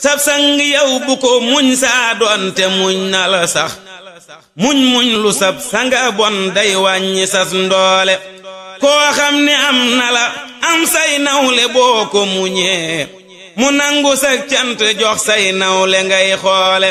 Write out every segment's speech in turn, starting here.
sab sang yow bu ko muñ saa doonte muñ na la sax muñ muñ lu sab sanga bon day wàññi sas ndoole koo xam ne am na la am say nawle boo ko muñee mu nangu sa cant jox say nawle ngay xoole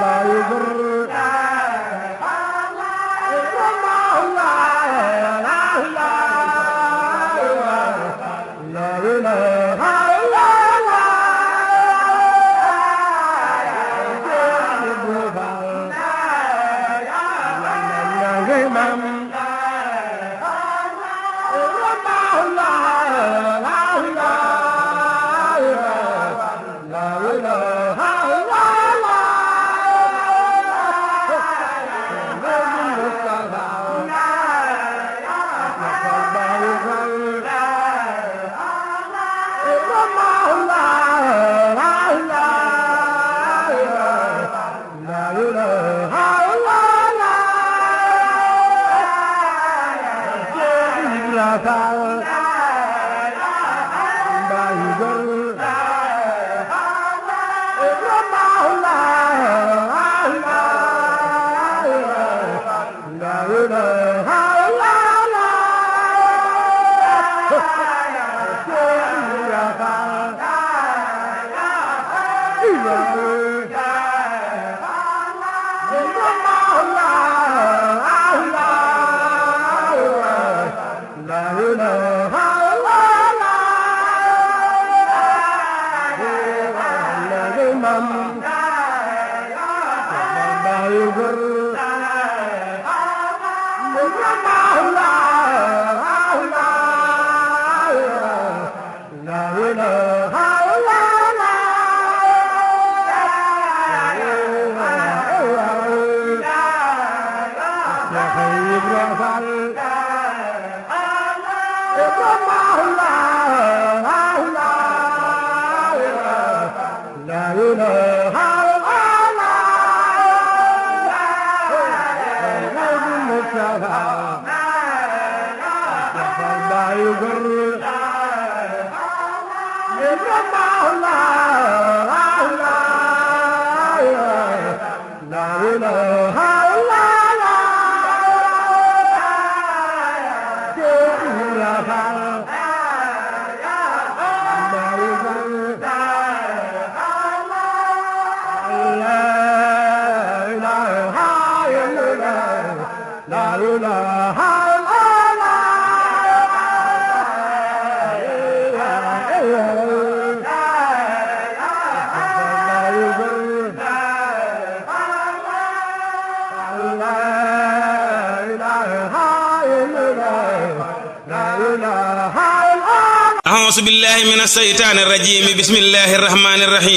bàyyi góor la la Yeah. يقر يبرم الله la la أعوذ بالله من الشيطان الرجيم بسم الله الرحمن الرحيم